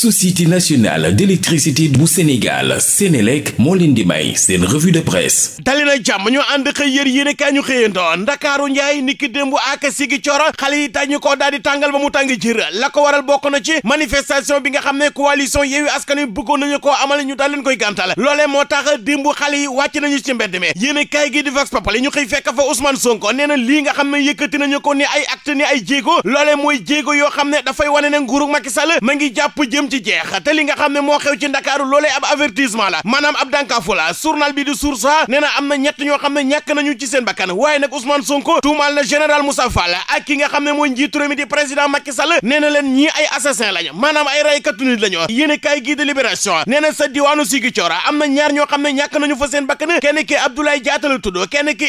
société nationale d'électricité bu Sénégal Sénélec moo leen di may seen revue de presse dali jàmm ñu ànd xëy yër yéen kaay ñu xëyandoo ndakaaru njaay niki démb ak sigi coro xale yi tàññi koo daal tàngal ba mu tàng jër la ko waral bokk na ci manifestation bi nga xam ne coalition Yewwi Askan Wi bëggoon nañu koo amal ñu daal leen koy gàntal loolee moo tax démb xale yi wàcc nañu ci mbedd mi yéen kaay gi di Vox Populi ñu xëy fekk fa Ousmane Sonko xam ne yëkkati nañu ko ni ay yoo xam ne dafay wane ne dinañ ci jeex te li nga xam ne moo xew ci ndakaaru loolee ab avertissement la maanaam ab dànkaafu la journal bi di Source A nee na am na ñett ñoo xam ne ñàkk nañu ci seen bakkan waaye nag Ousmane Sonko tuumaal na général Moussa Fall ak ki nga xam ne mooy njiitu réew mi di président Macky Sall nee na leen ñii ay assassin lañu maanaam ay raykatu nit lañu yéen kaay gii de libération nee na sa diwaanu a am na ñaar ñoo xam ne ñàkk nañu fa seen bakkan kenn ki Abdoulaye Diatta la tudd kenn ki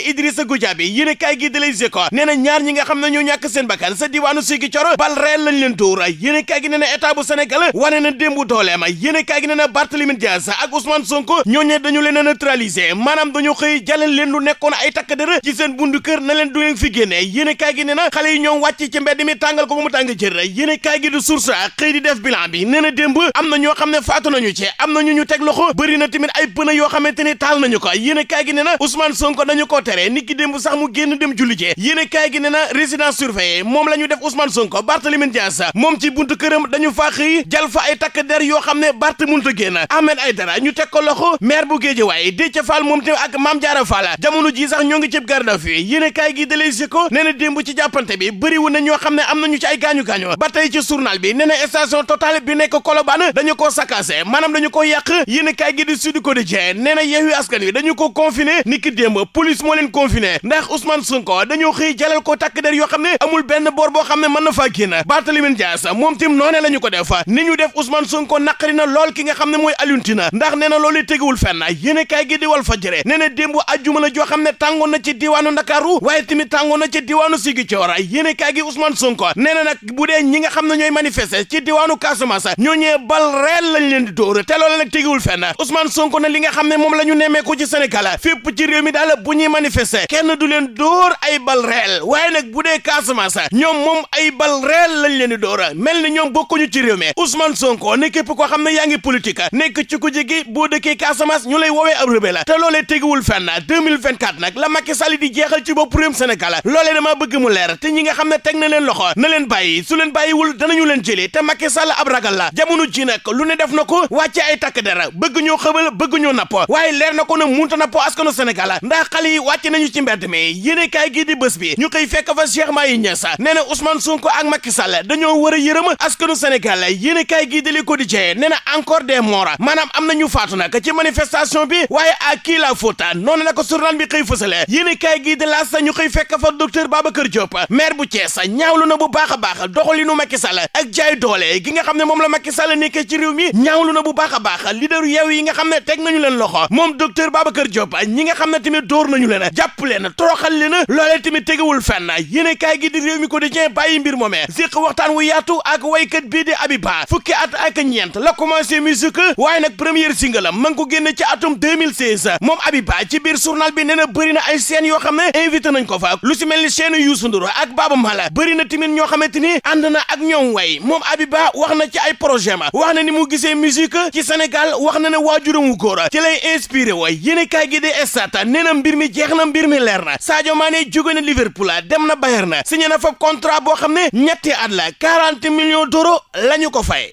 na ñaar ñi nga xam ne ñoo ñàkk seen bakkan sa diwaanu Ziguinchor bal réel leen tuur yéen kaay gi nee na wane na démbu dooleema yéene kaay gi nee na Barthélémy Dias ak Ousmane Sonko ñooñee dañu leen a neutraliser dañu xëy jàllale leen lu nekkoon ay takk dër ci seen bundu kër na leen du leen fi génne yéene kaay gi xale yi ñoom wàcc ci mbedd mi tàngal ko ba mu tàng jër yéene kaay du source xëy di def bilan bi nee na démb am na ñoo xam ne faatu nañu ci am na ñu ñu teg loxo bëri na tamit ay pëna yoo xamante ni taal nañu ko yéene kaay gi nee na Ousmane Sonko dañu ko tere nit ki démb mu génn dem julli ji yéene kaay gi nee moom la ñu def Ousmane Sonko Barthélémy Dias moom ci ay takk der yoo xam ne Bart mënut a génn Ahmed Aïdara ñu teg ko loxo maire bu Guédiawaye Déthié Fall moom tamit ak Mame Diarra Fall jamono ji sax ñoo ngi cëb garda fii yéene kaay gi dalee si ko nee na ci jàppante bi bëriwu na ñoo xam ne am nañu ci ay gaañu-gaañu ba tey ci journal bi nee na station Total bi nekk Colobane dañu koo saccagé maanaam dañu ko yàq yéene kaay gi di Sud Quotidien nee na Yewwi Askan Wi dañu ko confiné ni ki démb police moo leen confiné ndax Ousmane Sonko dañoo xëy yoo xam ne amul benn boor boo xam ne mën na faa génn Barthélémy Dias moom tim noonee def Ousmane Sonko naqari na lool ki nga xam ne mooy Alioune Tine ndax nee na loolu teguwul fenn yéene kaay gi di Walf Fadjri nee na démb ajjuma la joo xam ne tàngoon na ci diwaanu Ndakaaru waaye tamit tàngoon na ci diwaanu Ziguinchor yéene kaay gi Ousmane Sonko nee na nag bu dee ñi nga xam ne ñooy manifester ci diwaanu Casamance ñoo bal reel lañ leen di dóor te loolu nag teguwul fenn Ousmane Sonko ne li nga xam ne moom la ñu nemmeeku ci Sénégal fépp ci réew mi daal bu ñuy manifester kenn du leen dóor ay bal reel waaye nag bu dee Casamance ñoom moom ay bal reel lañ leen di mel ni ñoom bokkuñu ci réew mi Ousmane Sonko ne képp koo xam ne yaa ngi politique nekk ci ku jigi boo dëkkee Casamance ñu lay woowee ab rëbe la te loolee tegiwul fenn 2024 nag la Macky Sall di jeexal ci bopp réewum Sénégal dama bëgg mu leer te ñi xam ne teg na loxo na leen bàyyi su leen bàyyiwul danañu leen jëlee te Macky Sall la jamono ji lu ne def na ko wàcce ay takk dara bëgg ñoo xëbal bëgg ñoo napp waaye leer na ko ne munta napp askanu Sénégal ndax xale yi wàcc nañu ñu koy fekk fa kaay gii di Le Quotidien nee na encore des morts maanaam am na ñu faatu nag ci manifestation bi waaye à qui la faute noonu la ko journal bi xëy fësale yéen kaay gii di L'As ñu xëy fekk fa docteur Babacar Diop maire bu Thiès ñaawlu na bu baax a baax doxalinu Macky Sall ak jaay doole gi nga xam ne moom la Macky Sall nekkee ci réew mi ñaawlu na bu baax a baax leader yeew yi nga xam ne teg nañu leen loxo moom docteur Babacar Diop ñi nga xam ne tamit dóor nañu leen jàpp leen toroxal leen loolee tamit tegewul fenn yéen kaay gi di réew mi Quotidien bàyyi mbir moomee siq waxtaan wu yaatu ak waykat bii di Abiba fukki fukki ak ñeent la commencé musique waaye nag première single la ma ngi ko génne ci atum 2016 moom Abiba ci biir journal bi nee na bëri na ay chaînes yoo xam ne invité nañ ko fa lu si mel ni chaîne Youssou Ndour ak Baba Mala bëri na tamit ñoo xamante ni ànd na ak ñoom way moom Abiba wax na ci ay projet ma wax na ni mu gisee musique ci senegal wax na ne waajuram wu góor ci lay inspiré way yéen kaay gi di Stades nee na mbir mi jeex na mbir mi leer na Sadio Mané jóge na Liverpool dem na Bayern signé na fa contrat boo xam ne ñetti at la 40 millions d'euros la ñu ko fay